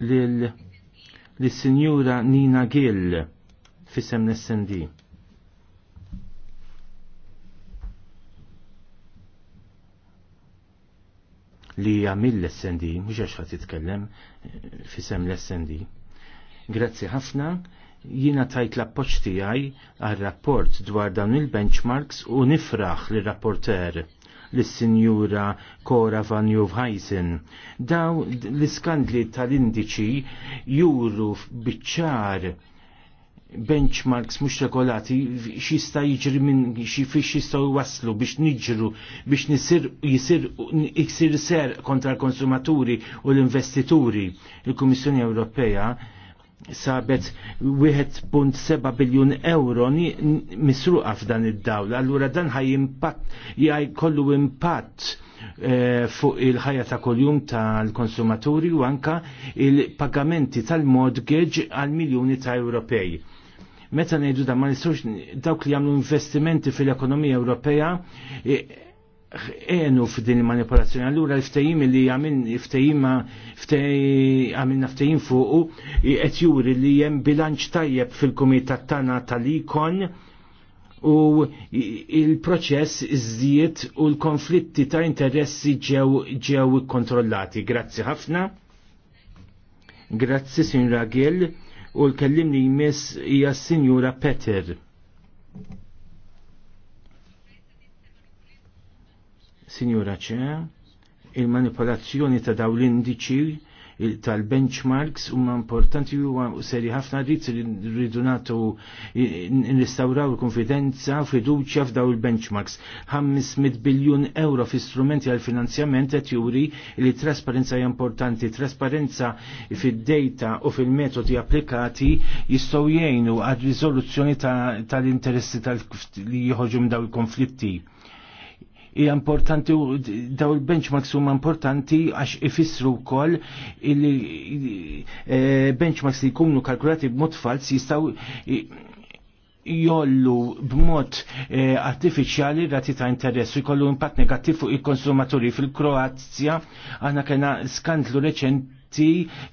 l-Sinjura Nina Gill fissem l li għamil l-SND, mux għax għat titkellem eh, fissem l-SND. Grazzi ħafna, jina tajt l-appoċ tijaj għal-rapport dwar dawn il-benchmarks u nifraħ l-rapporter l-Sinjura Kora van Juvhajsen. Daw l-iskandli tal-indiċi juru biċċar benchmarks mhux regolati xista jiġri minn xi xista jistgħu waslu biex niġru biex nisir jisir iksir ser kontra l-konsumaturi u l-investituri. Il-Kummissjoni Ewropea sabet 1.7 biljun euro misruqa f'dan id-dawl. Allura dan ħaj impatt, jgħaj kollu impatt eh, fuq il-ħajja ta' kuljum tal-konsumaturi u anka il-pagamenti tal-mortgage għal miljoni ta' Ewropej. Meta ngħidu dan ma nistgħux dawk li jagħmlu investimenti fil-ekonomija Ewropea eh, għenu f'din il-manipolazzjoni. Allura l ftajim li għamin, ftejim għamin ftejim fuq u juri li hemm bilanċ tajjeb fil-kumitat tagħna tal-ikon u il-proċess iżdiet u l-konflitti ta' interessi ġew ġew kontrollati. Grazzi ħafna. Grazzi Sinra Gill u l-kellimni jmiss hija Sinjura Peter. Sinjura ċe, il-manipolazzjoni ta' daw l-indiċi tal-benchmarks huma importanti u seri ħafna rrid rridu nristawraw il-konfidenza u fiduċja f'daw il-benchmarks. 500 biljun euro fi strumenti għal finanzjament qed juri li trasparenza hija importanti, trasparenza fid-data u fil-metodi applikati jistgħu jgħinu għad riżoluzzjoni tal-interessi li jħoġum daw il-konflitti hija importanti u daw il-benchmarks huma importanti għax ifissru wkoll il-benchmarks li jkunu kalkulati b'mod fals jistgħu jollu b'mod artifiċjali rati ta' interess u jkollu impatt negattiv fuq il-konsumaturi fil-Kroazja għana kena skandlu reċenti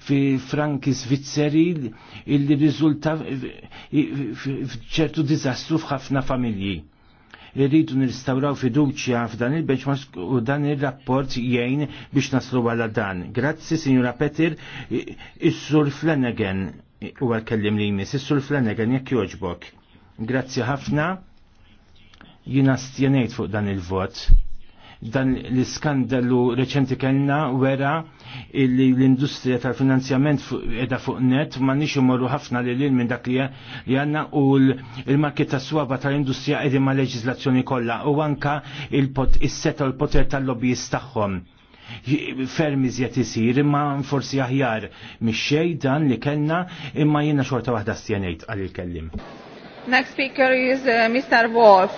fi franki Svizzeri li riżulta f'ċertu dizastru f'ħafna familji irridu nirstawraw fiduċja f'dan il-benchmark u dan il-rapport jgħin biex naslu għala dan. Grazzi, Signora Petir, Is-Sur Flanagan, u għal-kellim li jmiss, Is-Sur Flanagan, jekk joġbok. Grazzi ħafna, jina stjenejt fuq dan il-vot dan l-iskandalu reċenti kellna wera li l-industrija tal-finanzjament edha fuq net ma nix imorru ħafna li lil minn dak li għanna u l-market ta' swaba tal-industrija edha ma' leġizlazzjoni kollha u anka il-seta u l-poter tal-lobbyist tagħhom fermi iżjed isir imma forsi aħjar mix xej dan li kellna imma jiena xorta waħda stjenejt għal il-kellim. Next speaker is uh, Mr. Wolf.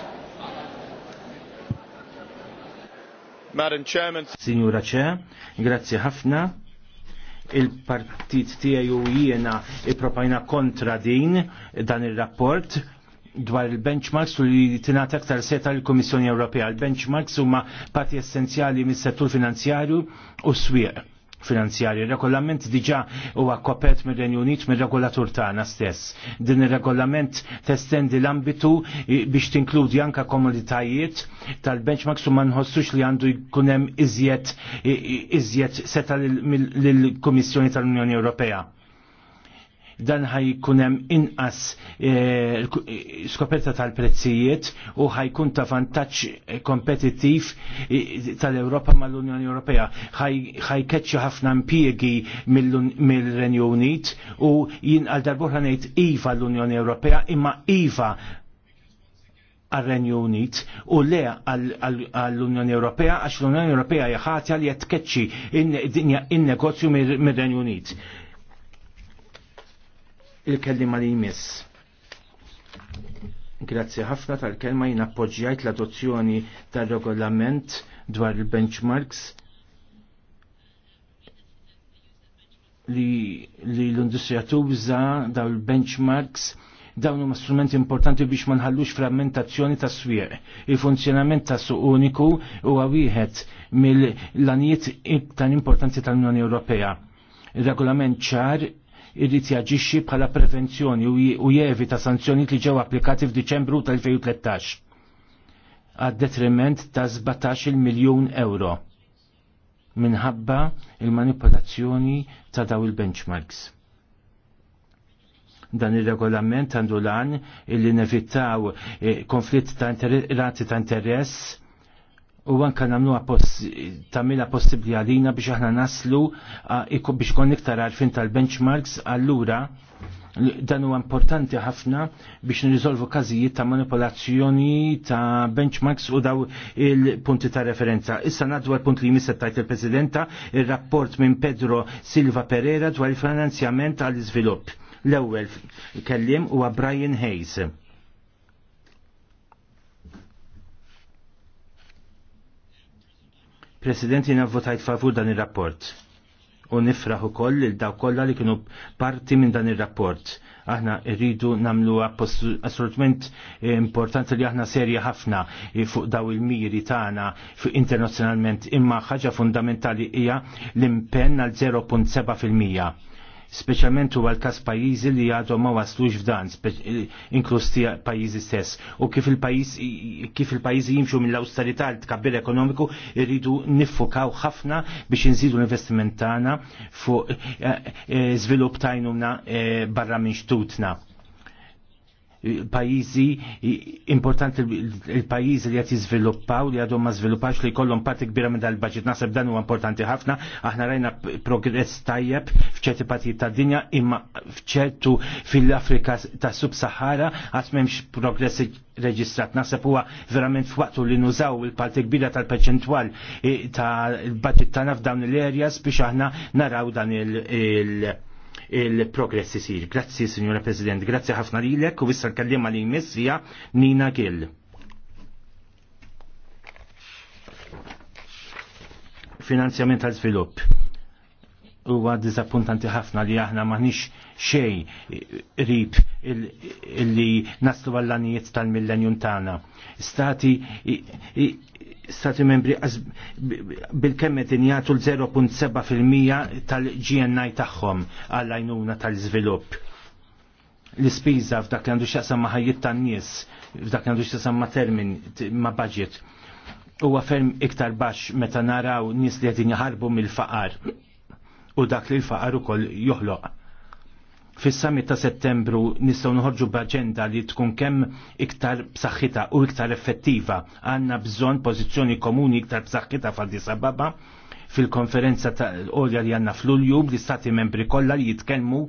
Madam Chairman. Signora Chair, grazie ħafna. Il-partit tiegħi u jiena ippropajna kontra din dan ir-rapport dwar il-benchmarks u li tinata aktar seta l-Komissjoni Ewropea. Il-benchmarks huma parti essenzjali mis-settur finanzjarju u swieq finanzjarji. Regolament diġa huwa kopert mir-Renju Unit mir-regolatur tagħna stess. Din ir-regolament testendi l-ambitu biex tinkludi anka komoditajiet tal-benchmarks u ma nħossux li għandu jkun hemm iżjed iżjed seta lill-Kummissjoni tal-Unjoni Ewropea dan ħajkun hemm inqas eh, skoperta tal-prezzijiet u ħajkun ta' vantaġġ kompetittiv eh, tal-Ewropa mal-Unjoni Ewropea. ħajkeċċu ħafna impjiegi mill-Renju Unit u jien għal darbuħra ngħid iva l-Unjoni Ewropea imma iva għal-Renju Unit u le għall-Unjoni Ewropea għax l-Unjoni Ewropea jħatja li jatkeċċi in-negozju in negozju mir renju Unit il-kellima li jmiss. Grazzi ħafna tal-kelma jien appoġġjajt l-adozzjoni tal-regolament dwar il-benchmarks li, li l-industrija tuża daw il-benchmarks dawn huma strumenti importanti biex ma nħallux frammentazzjoni ta' swieq. Il-funzjonament ta' suq uniku huwa wieħed mill-lanijiet tan importanti tal-Unjoni Ewropea. Il-regolament ċar irrit jaġixxi bħala prevenzjoni u jevita sanzjoni li ġew applikati f'Diċembru tal-2013 għad detriment ta' 17 miljun euro minħabba il-manipolazzjoni ta' daw il-benchmarks dan il-regolament għandu lan li nevitaw eh, konflitt ta' rati ta' interess u anka namluha tagħmilha possibbli għalina biex aħna naslu biex kon iktar għarfin tal-benchmarks allura dan huwa importanti ħafna biex nirriżolvu każijiet ta' manipolazzjoni ta' benchmarks u daw il-punti ta' referenza. Issa naddu għal-punt li jmissa tajt il-Presidenta il-rapport minn Pedro Silva Pereira dwar il-finanzjament għall-iżvilupp. L-ewwel kellim huwa Brian Hayes. President jina votajt favur dan il-rapport. U nifraħ ukoll il daw kollha li kienu parti minn dan ir-rapport. Aħna rridu namlu assolutament importanti li aħna serja ħafna fuq daw il-miri tagħna fuq internazzjonalment imma ħaġa fundamentali hija l-impenn għal 0.7 fil-mija speċjalment huwa l-każ pajjiżi li għadhom ma waslux f'dan, eh, inklusti pajjiżi stess. U kif il pajizi pajjiżi jimxu mill-awsterità l tkabbir ekonomiku irridu niffukaw ħafna biex inżidu l-investiment tagħna fuq eh, eh, żvilupp tajnuna barra minn xtutna pajizi importanti il-pajizi li għati zviluppaw li għadhom ma zviluppax li kollhom parti kbira minn dal-budget nasab dan huwa importanti ħafna aħna rajna progress tajjeb f'ċerti parti tad-dinja imma f'ċertu fil-Afrika ta' sub-Sahara għat m'hemmx progress reġistrat nasab huwa verament f'waqtu li nużaw il-parti kbira tal-perċentwal ta' l-budget tagħna f'dawn l-areas biex aħna naraw dan il-, il il-progress isir. Grazzi, Signora President, grazzi ħafna lilek u issa nkellim għal missija Nina Gill. Finanzjament għal svilupp huwa dizappuntanti ħafna li aħna maħniex xej rib illi naslu għallanijiet tal-millenjum tagħna. Stati stati membri bil-kemmet injatu l-0.7% tal-GNI tagħhom għall-għajnuna tal zvilup L-ispiża f'dak li għandu xaqsam ma' ħajjit tan-nies, f'dak li għandu xaqsam ma' termin ma' budget. Huwa ferm iktar baxx meta naraw nies li għedin jaħarbu mill-faqar u dak li l-faqar ukoll joħloq fis-summit ta' settembru nistgħu nħorġu b'aġenda li tkun kemm iktar b'saħħitha u iktar effettiva. Għandna bżonn pożizzjoni komuni iktar b'saħħitha f'Addis Ababa fil-konferenza ta' olja li għanna fl-ulju l-istati membri kollha li jitkellmu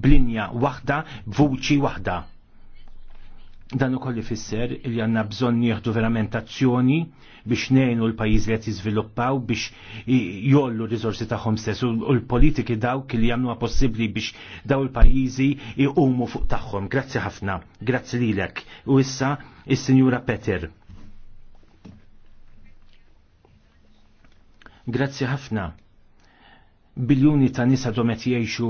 b'linja waħda, b'vuċi waħda. Dan ukoll fisser li għandna bżonn nieħdu verament azzjoni biex nejnu l-pajiz li għet jizviluppaw biex jollu rizorsi taħħom stess u l-politiki dawk li jamnu possibli biex daw l-pajizi jqumu fuq taħħom. Grazzi ħafna, grazzi lilek. U issa, il-Sinjura Peter. Grazzi ħafna biljuni ta' nisa domet jiexu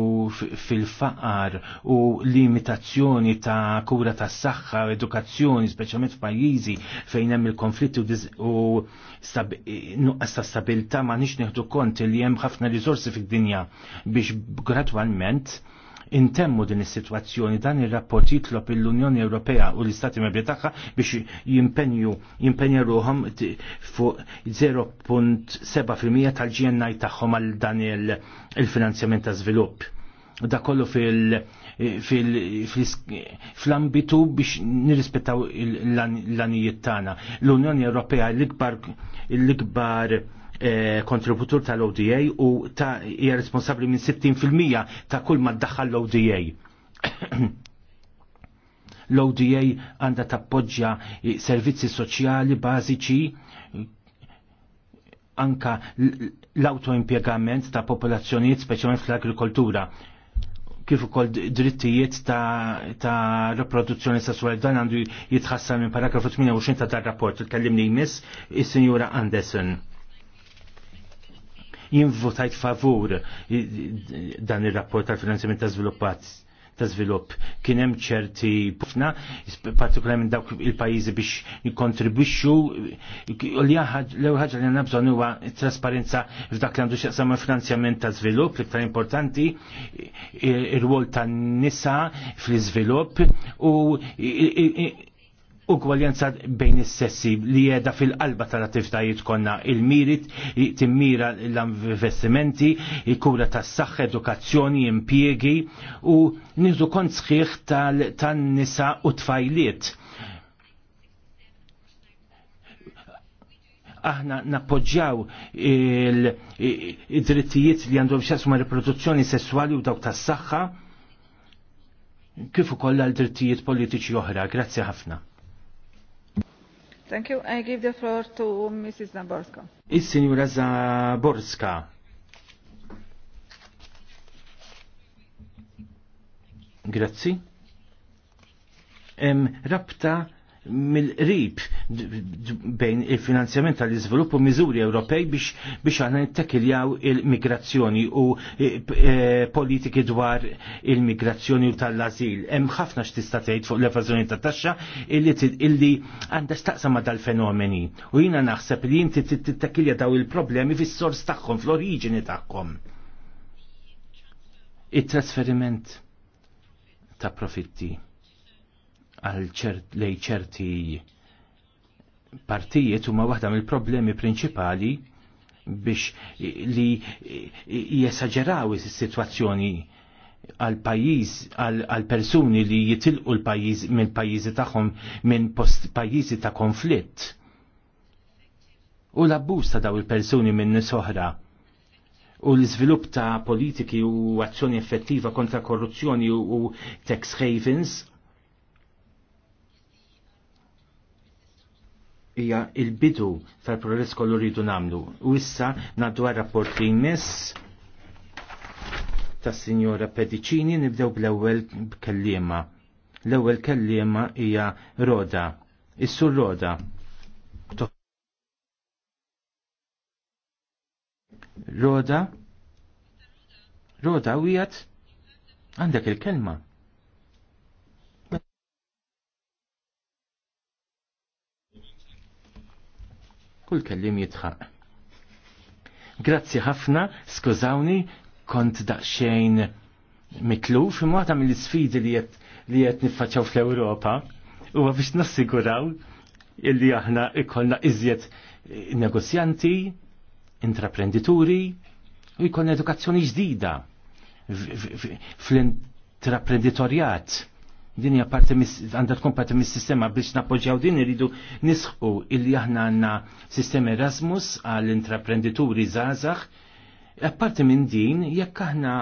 fil-faqar u limitazzjoni ta' kura ta' s-saxħa, edukazzjoni, speċjalment f'pajjiżi fejn hemm il-konflitti u nuqqas ta' stabilta' ma' nix neħdu kont li hemm ħafna risorsi fid-dinja biex gradwalment intemmu din is-sitwazzjoni dan ir-rapport jitlob l-Unjoni Ewropea u l-Istati Membri tagħha biex jimpenju jimpenja ruhom fuq 0.7% tal-GNI tagħhom għal dan il-finanzjament ta' żvilupp. Da kollu fil-ambitu biex nirrispettaw l-anijiet tagħna. L-Unjoni Ewropea l-ikbar l-ikbar Eh, kontributur tal-ODA u ta' hija responsabbli minn 60% ta' kull ma ddaħħal l-ODA. L-ODA għandha tappoġġja servizzi soċjali bażiċi anka l autoimpiegament ta' popolazzjonijiet speċjalment fl-agrikoltura kif ukoll drittijiet ta', ta riproduzzjoni sessuali dan għandu jitħassar minn paragrafu 28 ta' dar rapport il-kellimni jmiss is-Sinjura Anderson jinvotajt favur dan il-rapport tal-finanzjament ta' sviluppat ta' svilupp kien hemm ċerti pufna, partikolarment dawk il-pajjiżi biex jikkontribwixxu li l-ewwel ħaġa li għandna bżonn huwa trasparenza f'dak li għandu x'jaqsam finanzjament ta' żvilupp l-iktar importanti ir-rwol tan-nisa fl-iżvilupp u U ugwaljanza bejn is-sessi li jeda fil-qalba tal-attivitajiet konna il-mirit, timmira l-investimenti, il-kura tas saħħa edukazzjoni, impjiegi u nizu kont sħiħ tan-nisa u tfajliet. aħna nappoġġjaw il-drittijiet li għandhom xasma riproduzzjoni sessuali u dawk tas-saħħa kif ukoll għal drittijiet politiċi oħra. Grazzi ħafna. Thank you. I give the floor to Mrs. Zaborska. is Signora Zaborska. Grazie. Em, rapta mill-qrib bejn il-finanzjament tal-iżvilupp u miżuri Ewropej biex biex għana nittakiljaw il-migrazzjoni u e, e, politiki dwar il-migrazzjoni u tal-azil. Hemm ħafna x'tista' tgħid fuq l-evażjoni ta' taxxa illi illi għandha x'taqsam ma' dal-fenomeni. U jiena naħseb li inti tittakilja daw il-problemi fis-sors tagħhom, fl-oriġini tagħhom. It-trasferiment ta' profitti għal lej ċerti partijiet huma waħda mill-problemi prinċipali biex li jesagġeraw is-sitwazzjoni għal pajjiż għal persuni li jitilqu l-pajjiż minn pajjiżi tagħhom minn pajjiżi ta' konflitt. U l-abbuż ta' daw il-persuni minn soħra u l-iżvilupp ta' politiki u azzjoni effettiva kontra korruzzjoni u tax havens hija il-bidu tal-progress kollu rridu namlu. U issa naddu rapporti li jmiss tas Pedicini nibdew bl-ewwel kellima. L-ewwel kellima hija Roda. Issu Roda. Roda? Roda u għandek il-kelma. Kull kellim jitħaq. Grazzi ħafna, skużawni, kont daqxejn mitluf imma ta' mill-sfidi li qed li jett niffaċċaw fl-Ewropa huwa biex nassiguraw illi aħna ikollna iżjed negozjanti, intraprendituri u jkollna edukazzjoni ġdida fl-intraprenditorjat din hija parti għandha tkun parti mis-sistema biex nappoġġjaw din iridu nisħu illi aħna għandna sistema Erasmus għall intraprendituri żgħażagħ. E apparti minn din, jekk aħna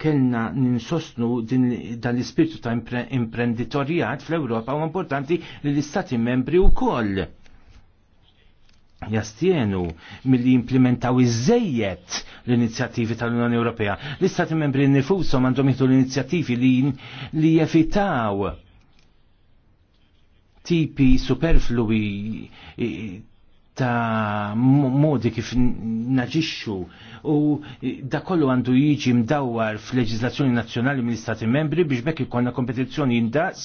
kellna ninsostnu dan l-ispirtu ta' imprenditorjat fl-Ewropa u importanti li l-istati membri wkoll jastienu mill-li implementaw iżejjed l-inizjattivi tal-Unjoni Ewropea. L-Istati membri nifusom għandhom jħidu l-inizjattivi li jefitaw tipi superflui ta' modi kif naġixxu u da kollu għandu jiġi mdawwar fil-leġizlazzjoni nazzjonali mill-Istati membri biex bekk ikollna kompetizzjoni jindaqs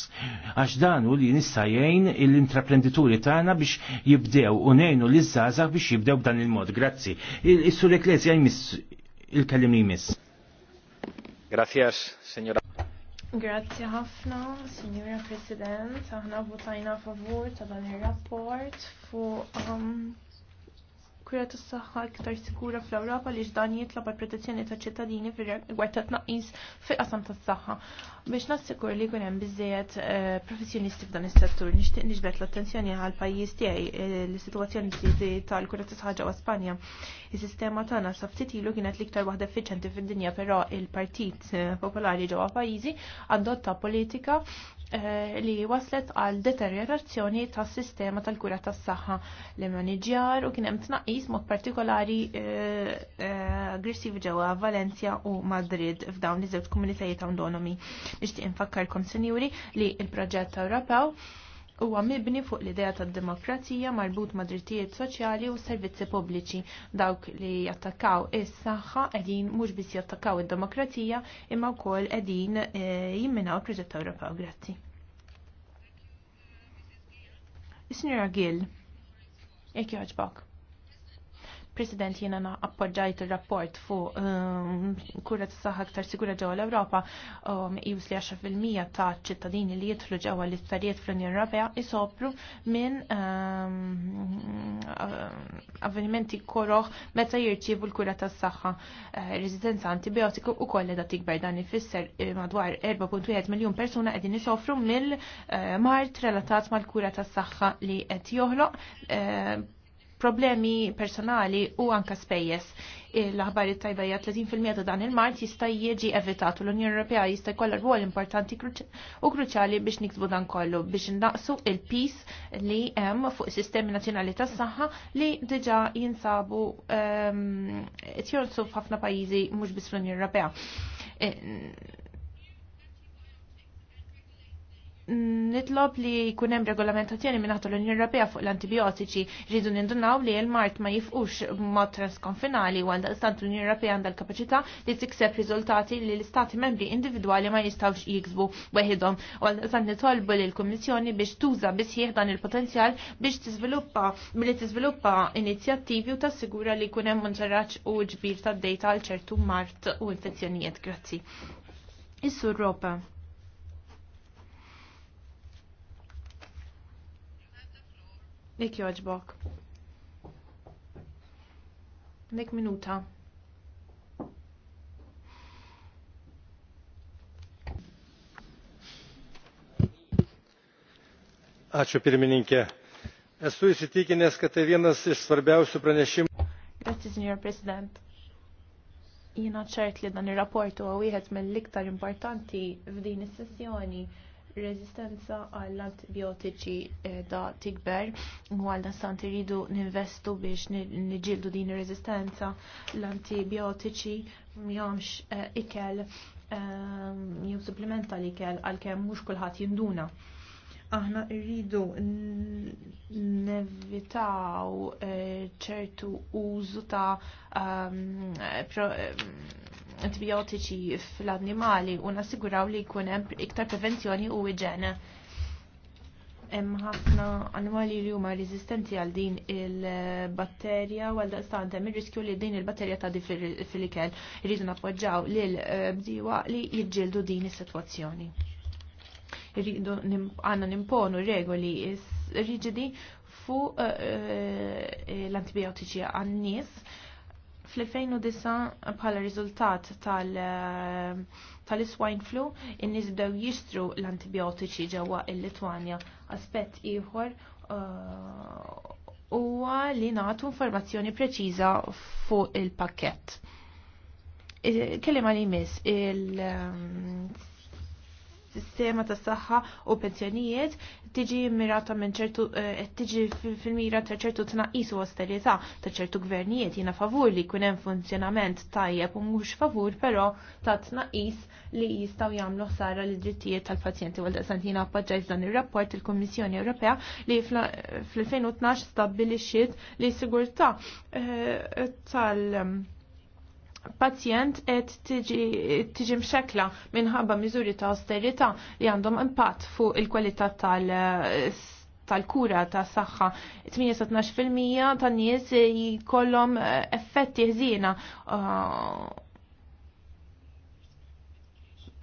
għax dan u li nista' jgħin l-intraprendituri tagħna biex jibdew u ngħinu li żgħażagħ biex jibdew b'dan il-mod. Grazzi. Is-Sur Eklesja jmiss il li jmiss. Grazie, signora. Grazzi ħafna, Signora President, aħna votajna favur ta' dan ir rapport fuq um, kura tas saħħa iktar sikura fl-Ewropa li ġdan jitlob il protezzjoni ta' ċittadini fir-rigward ta' tnaqqis fil-qasam tas saħħa Biex nassikur li jkun hemm biżejjed eh, professjonisti f'dan is-settur, nixtieq niġbed l-attenzjoni għal pajjiż tiegħi eh, l-sitwazzjoni tal-kura tas saħħa ġewwa Spanja. Is-sistema tagħna sa ftit ilu kienet l-iktar waħda effiċjenti fid-dinja, però il-Partit eh, Popolari ġewwa pajjiżi adotta politika Eh, li waslet għal deteriorazzjoni tas sistema tal-kura tas saħħa li maniġjar u kien hemm tnaqqis mod partikolari eh, eh, aggressiv ġewwa Valencia u Madrid f'dawn iż-żewġ komunitajiet awtonomi. Nixtieq infakkarkom sinjuri li l-proġett Ewropew huwa mibni fuq l-idea tad-demokrazija marbut ma' drittijiet soċjali u servizzi pubbliċi. Dawk li jattakaw is-saħħa qegħdin mhux biss jattakaw id-demokrazija imma wkoll qegħdin eh, jimminaw il-proġett Ewropew. Grazzi. Is-Sinjora Gill, jekk joħġbok. President jiena appoġġajt ir-rapport fuq um, kura tas-saħħa aktar sigura ġewwa l-Ewropa um, jus li fil-mija ta' ċittadini li jidħlu ġewwa l-isptarijiet fl-Unjoni Ewropea isopru minn um, um avvenimenti koroħ meta jirċivu l-kura tas-saħħa uh, antibiotiku u kolle da tikber dan ifisser eh, madwar 4.1 miljun persuna qegħdin jisopru mill-mart eh, relatat mal-kura tas-saħħa li qed joħloq uh, problemi personali u anka spejjes. L-aħbari tajba jgħat 30% ta' dan il-mart jista' jiġi evitat u l-Unjoni Ewropea jista' jkollha rwol importanti u kruċjali biex niksbu dan kollu biex naqsu il-pis li hemm fuq is-sistemi nazzjonali tas-saħħa li diġà jinsabu qed ehm, tjonsu f'ħafna pajjiżi mhux biss fl-Unjoni Ewropea eh, nitlob li jkun hemm regolamentazzjoni minn l-Unjoni Ewropea fuq l-antibiotiċi rridu nindunaw li l-mart ma jifqux mod transkonfinali għal stant l-Unjoni Ewropea għandha l-kapaċità li tikseb riżultati li l-istati membri individwali ma jistgħux jiksbu weħidhom u għal daqstant nitolbu li l-Kummissjoni biex tuża bisħieħ dan il-potenzjal biex tiżviluppa milli tiżviluppa inizjattivi u tassigura li jkun hemm monitoraġġ u ġbir tad-dejta għal ċertu mart u infezzjonijiet. Grazzi. Is-Sur Jek joġbok. Nek minuta. Ačiū pirmininkė. Esu įsitikinęs, kad tai vienas iš svarbiausių pranešimų. Grazie, senior president. jina ċert li dan il-rapport huwa wieħed mill-iktar importanti f'din is-sessjoni rezistenza għall-antibiotiċi eh, da tikber u għal dastant iridu ninvestu biex niġildu din ir-reżistenza l-antibiotiċi m'jomx eh, ikel ehm, jew supplementa li ikel għalkemm mhux kulħadd jinduna. Aħna rridu nevitaw eh, ċertu użu ta' ehm, ehm, antibiotiċi fl-annimali u nassiguraw li jkun hemm iktar prevenzjoni u iġena. Hemm ħafna annimali li huma riżistenti għal din il-batterja u għal daqstant hemm ir-riskju li din il-batterja tgħaddi fil-ikel irridu nappoġġaw lil bdiewa li jiġġieldu din is-sitwazzjoni. Irridu għandna nimponu regoli riġidi fuq eh, eh, l-antibiotiċi għan-nies fl-2009 bħala rizultat eh, tal-swine flu in-nies bdew jixtru l-antibiotiċi ġewwa il-Litwanja. Aspett ieħor eh, huwa li nagħtu informazzjoni preċiża fuq il-pakkett. Eh, Kellim li jmiss il sistema ta' saħħa u pensjonijiet tiġi mirata minn ċertu eh, tiġi fil-mira ta' ċertu tnaqqis u ostilità ta' ċertu gvernijiet jiena favur li jkun hemm funzjonament tajjeb u mhux favur però ta' tnaqqis li jistgħu jagħmlu ħsara li drittijiet tal-pazjenti Walda Santina appoġġajt dan ir-rapport il-Kummissjoni Ewropea li fl-2012 stabbilixxiet li s-sigurtà eh, tal- pazjent qed tiġi mxekla minħabba miżuri ta' austerità li għandhom impatt fuq il-kwalità tal- tal-kura ta' saħħa 18% 12 tan nies jkollhom effetti ħżiena uh,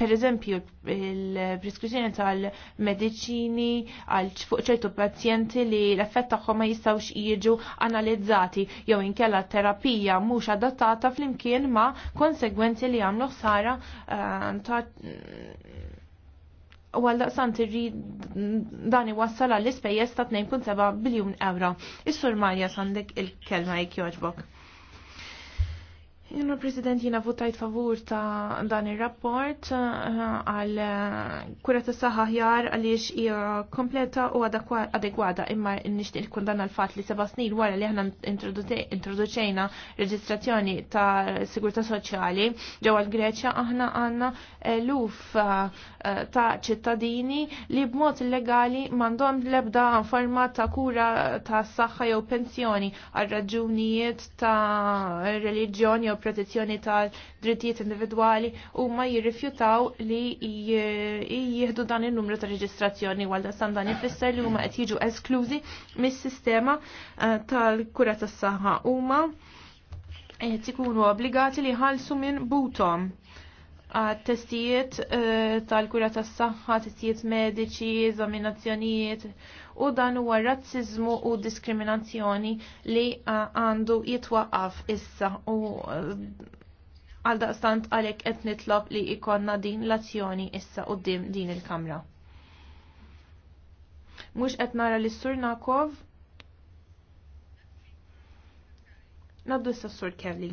per eżempju il-preskrizzjoni tal-medicini għal fuq ċertu pazjenti li l-effett tagħhom ma jistgħux jiġu analizzati jew inkella terapija mhux adattata flimkien ma konsegwenzi li għamlu ħsara eh, ta' għal tirri dani wassal għall ispejjeż ta' 2.7 biljun euro. Is-Sur Marja sandek il-kelma jek joġbok. Jena President, jena votajt favur ta' dan il-rapport eh, għal eh, kura ta' saħħa ħjar għaliex hija kompleta u adegwada imma nixtieq kundan għal fatt li seba' snin wara li aħna introduċejna reġistrazzjoni ta' sigurtà soċjali ġewwa l-Greċja aħna għandna eh, uf ta' ċittadini li b'mod illegali m'għandhom l-ebda forma ta' kura ta' saħħa jew pensjoni għal raġunijiet ta' reliġjoni jew jew protezzjoni tal-drittijiet individwali huma jirrifjutaw li jieħdu dan il-numru ta' reġistrazzjoni għalda san dan jfisser li huma qed jiġu esklużi mis-sistema eh, tal-kura tas-saħħa huma qed ikunu obbligati li jħallsu minn butom testijiet eh, tal-kura tas saħħa testijiet mediċi, eżaminazzjonijiet u dan huwa razzizmu u diskriminazzjoni li għandu jitwaqaf issa u eh, għal daqstant għalek qed nitlob li ikonna din l-azzjoni issa u din il-kamra. Mux qed nara li sur Nakov Naddu issa sur Kelly.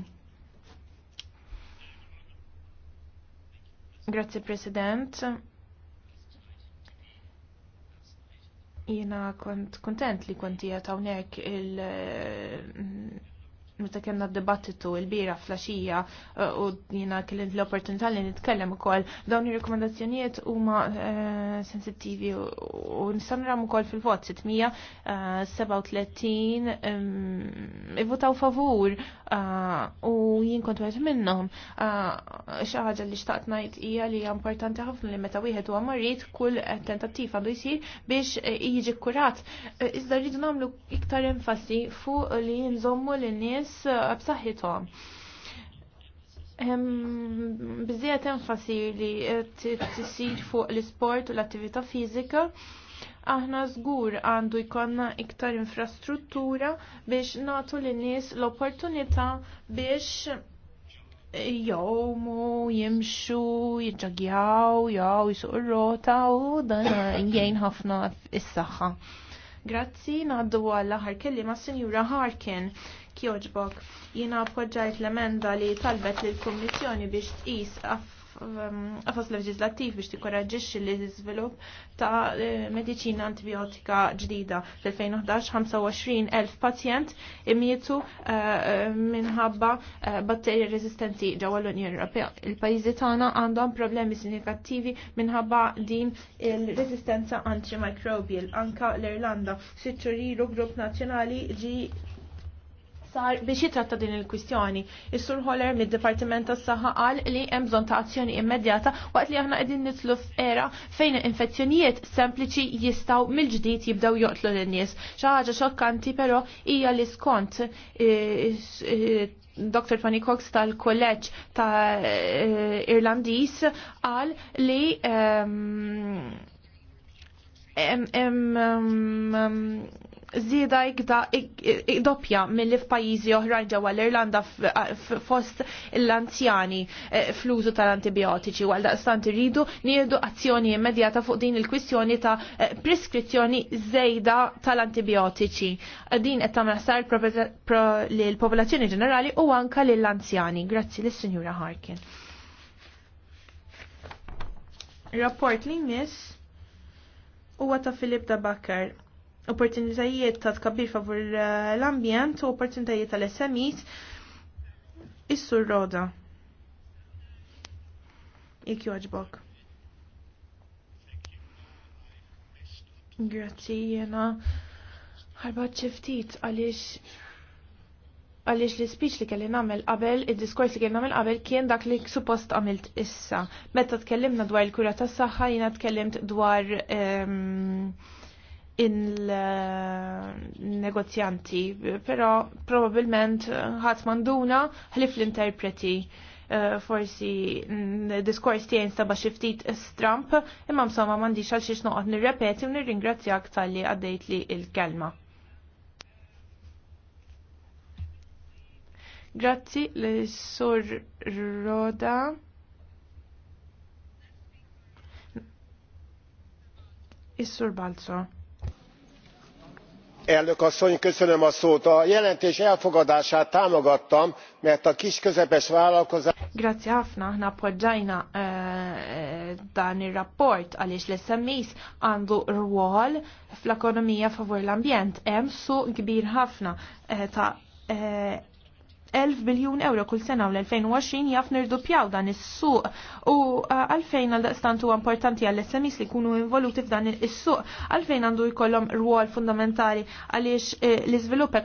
Grazie President. jina kont kontent li konti għatawnek il meta kellna dibattitu il-bira flaxija uh, u jiena kellin l-opportunità li nitkellem ukoll dawn ir u huma uh, sensittivi u nista' nram ukoll fil-vot 637 uh, um, votaw favur u jien kont għet minnhom xaħġa ħaġa li xtaqt ngħid hija li hija importanti ħafna li meta wieħed huwa għamarit kull tentativ għandu jsir biex jiġi kurat. Iżda rridu nagħmlu iktar enfasi fuq li nżommu l nies nies eh, b'saħħithom. Bizziet enfasi li t-sir fuq l-sport u l-attività fizika, aħna żgur għandu jkollna iktar infrastruttura biex nagħtu lin nies l-opportunità biex jomu, jimxu, jġagjaw, jaw, jisuq rota u dan jgħin ħafna is-saħħa. Grazzi, naddu għalla aħar kelli ma' Sinjura Harkin. Jogħġbok, joġbok. Jiena appoġġajt l-emenda li talbet lill kummissjoni biex tqis għafas um, leġislattiv biex tikoraġġix li iżvilupp ta' eh, mediċina antibiotika ġdida. Fl-2011 elf pazjent imietu eh, eh, minħabba batterji rezistenti ġewwa l-Unjoni Ewropea. Il-pajjiżi tagħna għandhom problemi sinifikattivi minħabba din il rezistenza antimicrobial. Anka l-Irlanda, siċċuriru grupp nazzjonali ġi sar biex jitratta din il-kwistjoni. Is-Sur Holler mid-Dipartiment tas-Saħħa qal li hemm bżonn ta' azzjoni immedjata waqt li aħna qegħdin nitlu f'era fejn infezzjonijiet sempliċi jistgħu mill-ġdid jibdew joqtlu lin-nies. Xi ħaġa xokkanti però hija li skont eh, eh, Dr. Tony Cox tal-kolleġġ ta' eh, Irlandis qal li ehm, em, ikda doppja mill-li f'pajjiżi oħrajn ġewwa l-Irlanda fost l-anzjani eh, fl-użu tal-antibiotiċi għal daqstant irridu nieħdu azzjoni immedjata fuq din il-kwistjoni ta' eh, preskrizzjoni żejda tal-antibiotiċi. Din qed tagħmel sar lill-popolazzjoni ġenerali u anka lill-anzjani. Grazzi l sinjura Harkin. Rapport li miss huwa ta' Filip Dabakar opportunitajiet ta' tkabbir favur eh, l-ambjent u opportunitajiet tal-SMEs is-sur roda. Ik juħġbok. Grazzi jena ħarbat ċiftit għaliex għaliex li speech li kelli namel qabel, id-diskors li kelli namel qabel kien dak li suppost għamilt issa. Meta tkellimna dwar il-kura tas saħħa jena tkellimt dwar um, il-negozjanti, però probabilment ħadd manduna ħlif l-interpreti eh, forsi diskors tiegħi instaba xi ftit stramp, imma msomma m'għandix għal xi noqgħod nirrepeti u nirringrazzjak talli għaddejt li l-kelma. Grazzi l sur Roda. Is-Sur Balzo elnök asszony a jelentés elfogadását támogattam mert a kis közepes vállalkozások. grazzi ħafna aħna appoġġajna eh, dan ir-rapport għaliex l-SMEs għandu rwol fl-ekonomija favur l-ambjent hemm suq kbir ħafna eh, ta' eh, 1000 biljun euro kull sena u l-2020 jaf pjaw dan is-suq u għalfejn għal daqstant huwa importanti għall sms li jkunu involuti f'dan is-suq għalfejn għandu jkollhom rwol fundamentali għaliex e, l-iżvilupp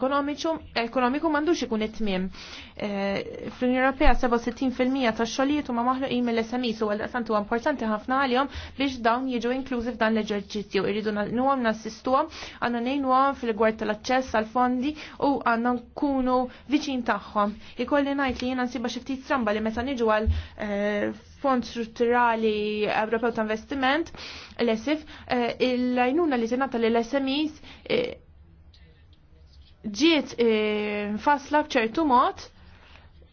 ekonomiku m'għandux ikun it-tmiem. E, Fl-Unjoni Ewropea 67% tax-xogħlijiet huma maħluqin mill-SMEs u għal daqstant huwa importanti ħafna għalihom biex dawn jiġu inklużi f'dan l-eġerċizzju. Irridu nuhom nassistuhom, għandna ngħinuhom fil-gwar tal-aċċess għal fondi u għandna nkunu viċin tagħhom tagħhom. Ikolli ngħid li jiena nsiba xi ftit stramba li meta niġu għal eh, Fond Strutturali Ewropew ta' Investiment, l-ESIF, eh, il-għajnuna li tingħata lill smes eh, ġiet fasla b'ċertu mod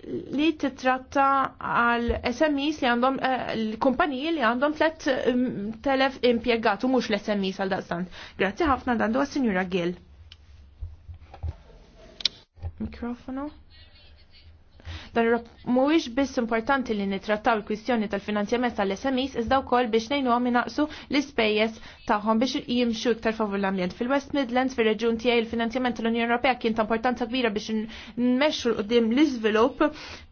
li titratta għal SMEs li għandhom l-kumpaniji li għandhom 3000 impjegat u mhux l-SMEs għal daqstant. Grazzi ħafna dandu għas-Sinjura Gill. Mikrofono. Dan mhuwiex biss importanti li nitrattaw il-kwistjoni tal-finanzjament tal-SMEs iżda wkoll biex ngħinuhom inaqsu l-ispejjeż tagħhom biex jimxu iktar favur l-ambjent. Fil-West Midlands fir-reġjun tiegħi il-finanzjament tal-Unjoni Ewropea kien ta' importanza kbira biex nmexxu l-qudiem l-iżvilupp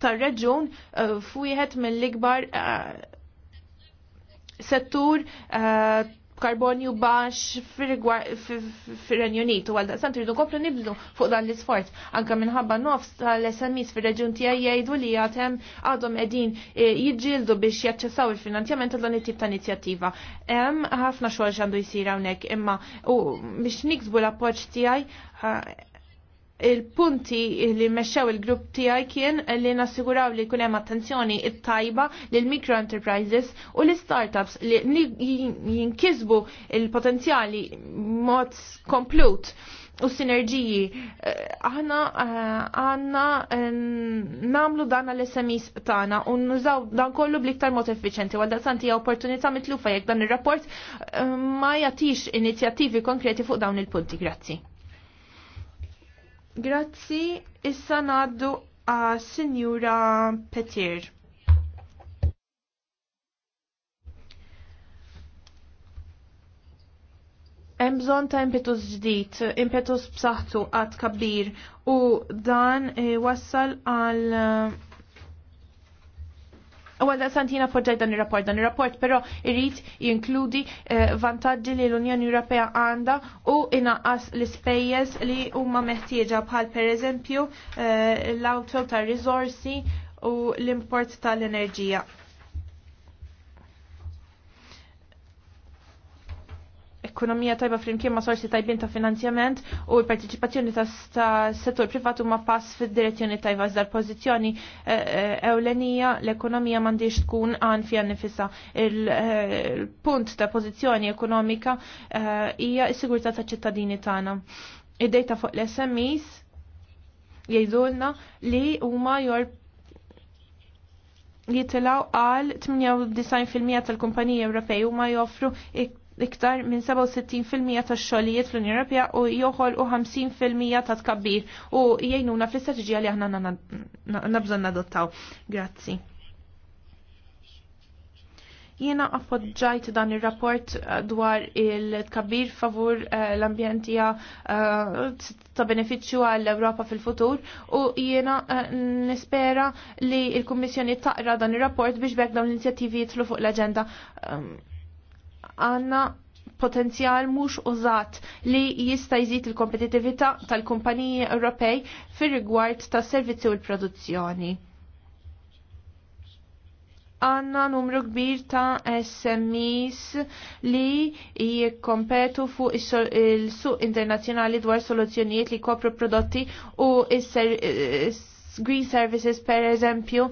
tar-reġjun eh, f'wieħed mill-ikbar eh, settur eh, karbonju baħx fil-Renju Unit u għalda santri du komplu nibdu fuq dan l-isfort anka minħabba nofs tal-SMIs fil-reġun tijaj jgħidu li għatem għadhom edin eh, jidġildu biex jaċċessaw il-finanzjament ta' dan it-tip ta' inizjattiva. Hemm ħafna xoħġ għandu jsir hawnhekk imma u biex niksbu l-appoġġ tiegħi eh, il-punti li mexxew il-grupp tiegħi kien li nassiguraw li jkun hemm attenzjoni it-tajba l micro enterprises u l startups li jinkisbu il-potenzjali mod komplut u sinerġiji. Eh, aħna eh, għanna eh, namlu dan l smis tagħna u nużaw dan kollu bliktar mod effiċenti għal daqsanti opportunità mitlufa jekk dan ir-rapport ma jagħtix inizjattivi konkreti fuq dawn il-punti. Grazzi. Grazzi, issa naddu għal Sinjura Petir. hemm bżonn ta' impetus ġdid, impetus b'saħħtu għad kabbir u dan eh, wassal għal U għalda santina forġaj dan il-rapport, dan il-rapport, pero irrit jinkludi eh, vantaġġi li l-Unjoni Ewropea għanda u inaqqas l-spejjes li huma meħtieġa bħal per eżempju eh, l-outflow ta' risorsi u l-import tal-enerġija. ekonomija tajba flimkien ma' sorsi tajbin ta' finanzjament u l-partiċipazzjoni ta' settur privat huma pass fid-direzzjoni tajba zdar pożizzjoni eh, eh, ewlenija l-ekonomija m'għandix tkun għan fija nifissa. Il-punt eh, ta' pożizzjoni ekonomika hija s-sigurtà ta' ċittadini tagħna. Id-dejta fuq l-SMEs jgħidulna li huma jorb jitilaw għal 98% tal-kumpaniji Ewropej u ma joffru iktar minn 67% ta' xogħlijiet fl-Unjoni Ewropea u joħol u 50% ta' tkabbir u jgħinuna fl-istrateġija li aħna nabżon nadottaw. Grazzi. Jiena appoġġajt dan ir-rapport eh, dwar il-tkabbir favur eh, l-ambjentija eh, ta' beneficju għall europa fil-futur u jiena nispera li il kommissjoni taqra dan ir-rapport biex bekk dawn l-inizjattivi jitlu fuq l agenda ehm, għanna potenzjal mhux użat li jista' jżid il-kompetitività tal-kumpaniji Ewropej fir-rigward tas servizzi u l-produzzjoni. Għanna numru kbir ta' SMEs li jikkompetu fuq il-suq internazzjonali dwar soluzzjonijiet li kopru prodotti u is eh, green services per eżempju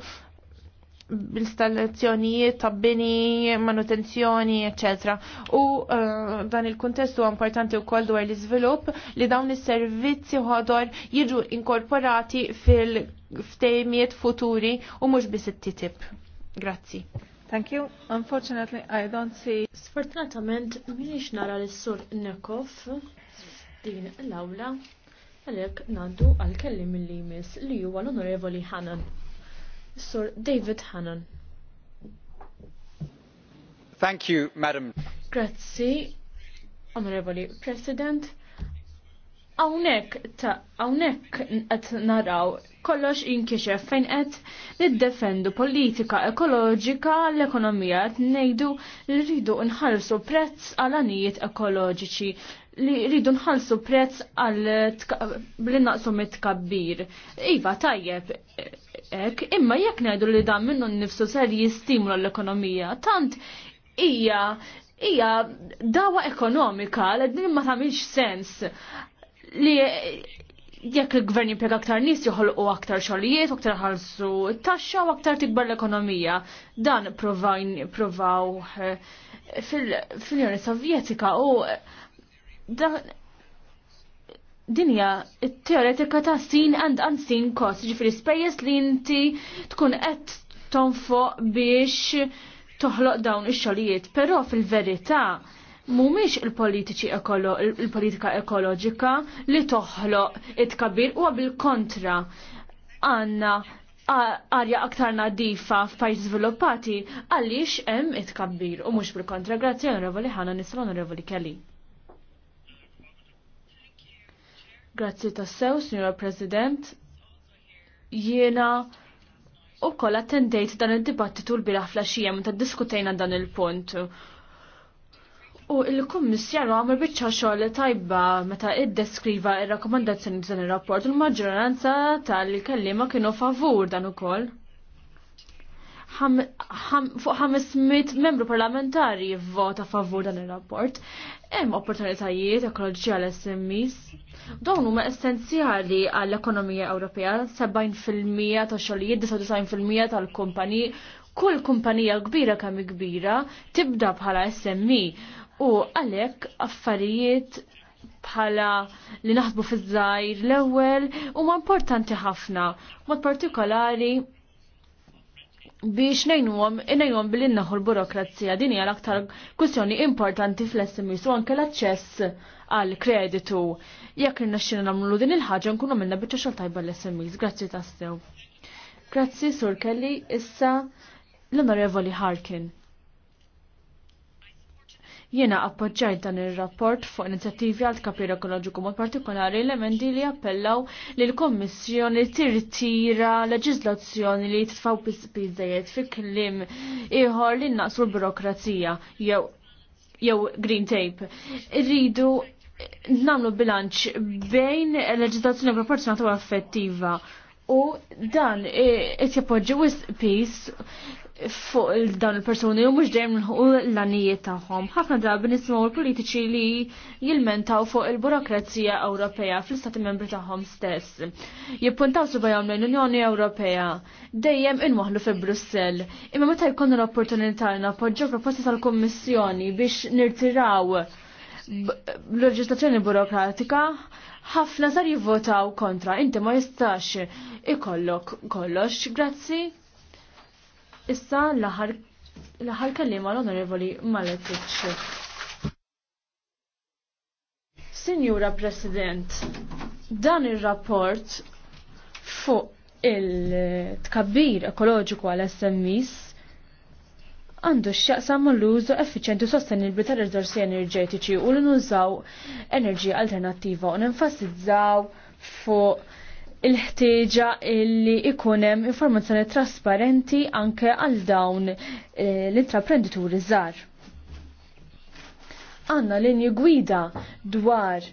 l-installazzjonijiet ta' bini, manutenzjoni, ecc. U eh, dan il kontestu huwa importanti wkoll dwar l-iżvilupp li dawn is-servizzi ħodor jiġu inkorporati fil-ftejmiet futuri u mhux biss it-titib. Grazzi. Thank you. Unfortunately, I don't see. Sfortunatament, minix nara l-sur Nekov din l-awla, għalek nandu għal-kellim l-limis li huwa l-onorevoli Hanan. Sur David Hannon. Thank you, Madam. Grazzi, Onorevoli President. Awnek ta' awnek qed naraw kollox inkixef fejn qed niddefendu politika ekoloġika l-ekonomija qed ngħidu li rridu nħallsu prezz għal anijiet ekoloġiċi li rridu nħallsu prezz għal li naqsu mit-tkabbir. Iva tajjeb, ek, imma jekk ngħidu li dan minnu nnifsu ser jistimula l-ekonomija, tant hija hija dawa ekonomika li din ma tagħmilx sens li jekk il-gvern jimpjega aktar nies joħolqu aktar xogħlijiet, aktar ħarsu taxxa u aktar tikbar l-ekonomija. Dan provaw eh, fil-Unjoni Sovjetika u dinja teoretika ta' sin and unseen cost, ġifri spejjeż li inti tkun qed tonfoq biex toħloq dawn ix-xogħlijiet, però fil-verità mhumiex il-politiċi il-politika ekoloġika li toħloq it-kabir u bil-kontra għandna arja aktar nadifa f'pajjiż żviluppati għaliex hemm it-kabbir u mhux bil-kontra. Grazzi onorevoli ħana nisra onorevoli Kelly. Grazzi tassew, signor President. Jiena u koll attendejt dan il-dibattitu l-biraħ flaxija meta diskutejna dan il-punt. U il-Kummissjaru għamil bieċa xogħol tajba meta iddeskriva il-rakomandazzjoni dan ir-rapport u l-maġġoranza tal-kellima kienu favur dan ukoll fuq 500 membru parlamentari vota favur dan il-rapport. Hemm opportunitajiet ekoloġiċi għal SMEs. Dawn huma essenzjali għall ekonomija Ewropea, 70% ta' xogħlijiet, 99% tal kumpani kull kumpanija kbira kemm kbira tibda bħala SME u għalhekk affarijiet bħala li naħbu fiż-żgħir l-ewwel huma importanti ħafna, mod partikolari biex għom, nejnuhom billi naħu l-burokrazija din hija l-aktar kwistjoni importanti fl-SMIs e u anke l-aċċess għal kreditu. Jekk xina nagħmlu din il-ħaġa nkunu minna biċċa xogħol tajba l sms Grazzi tassew. Grazzi Sur Kelly, issa l-Onorevoli Harkin. Jiena appoġġajt dan ir-rapport fuq inizjattivi għal kapir ekoloġiku mod partikolari l-emendi li appellaw li l-Kommissjoni tirtira leġiżlazzjoni li titfaw pizzajiet fi klim iħor li naqsu l-burokrazija jew jew green tape. Irridu namlu bilanċ bejn il-leġislazzjoni proporzjonata u effettiva u dan e, qed jappoġġi wisq peace fuq dawn il-persuni u mhux dejjem nħu l-anijiet tagħhom. Ħafna drabi nisimgħu l-politiċi li jilmentaw fuq il-burokrazija Ewropea fl-istati membri tagħhom stess. Jippuntaw subajhom lejn l-Unjoni Ewropea dejjem inwaħlu fi Brussell. Imma meta jkunu l-opportunità nappoġġew proposti tal-Kummissjoni biex nirtiraw l-leġislazzjoni burokratika ħafna sar jivvotaw kontra, inti ma jistax ikollok kollox, grazzi. Issa l-aħħar kellima l-Onorevoli Maletic. Sinjura President, dan ir-rapport fuq il-tkabbir ekoloġiku għal smis għandu x-xaqsam l-użu effiċenti u sostenibli tal-rizorsi enerġetiċi u l-nużaw enerġija alternativa u nenfasizzaw fuq il-ħtieġa li ikunem informazzjoni trasparenti anke għal dawn eh, l-intraprendituri żgħar. Għanna linji gwida dwar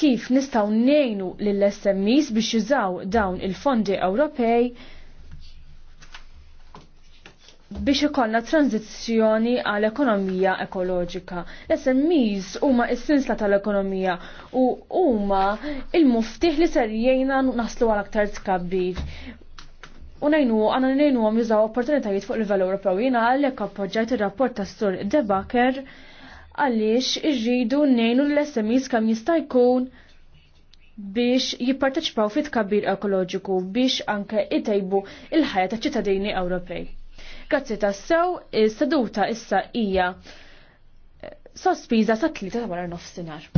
kif nistaw nejnu lill-SMEs biex jużaw dawn il-fondi Ewropej biex ikollna tranzizzjoni għal ekonomija ekoloġika. L-SMEs huma s-sinsla tal-ekonomija u huma il-muftiħ li ser jgħinna naslu għal aktar tkabbir. U najnu għanna nejnu għam jużaw opportunitajiet fuq livell Ewropew jina għalhekk appoġġajt ir-rapport ta' Sur Debaker għaliex irridu nejnu l-SMEs kam jista' jkun biex jipparteċipaw fit tkabbir ekoloġiku biex anke itejbu il-ħajja ta' ċittadini Ewropej. Grazzi tassew, is-seduta issa hija sospiża sa tlieta ta' wara nofsinhar.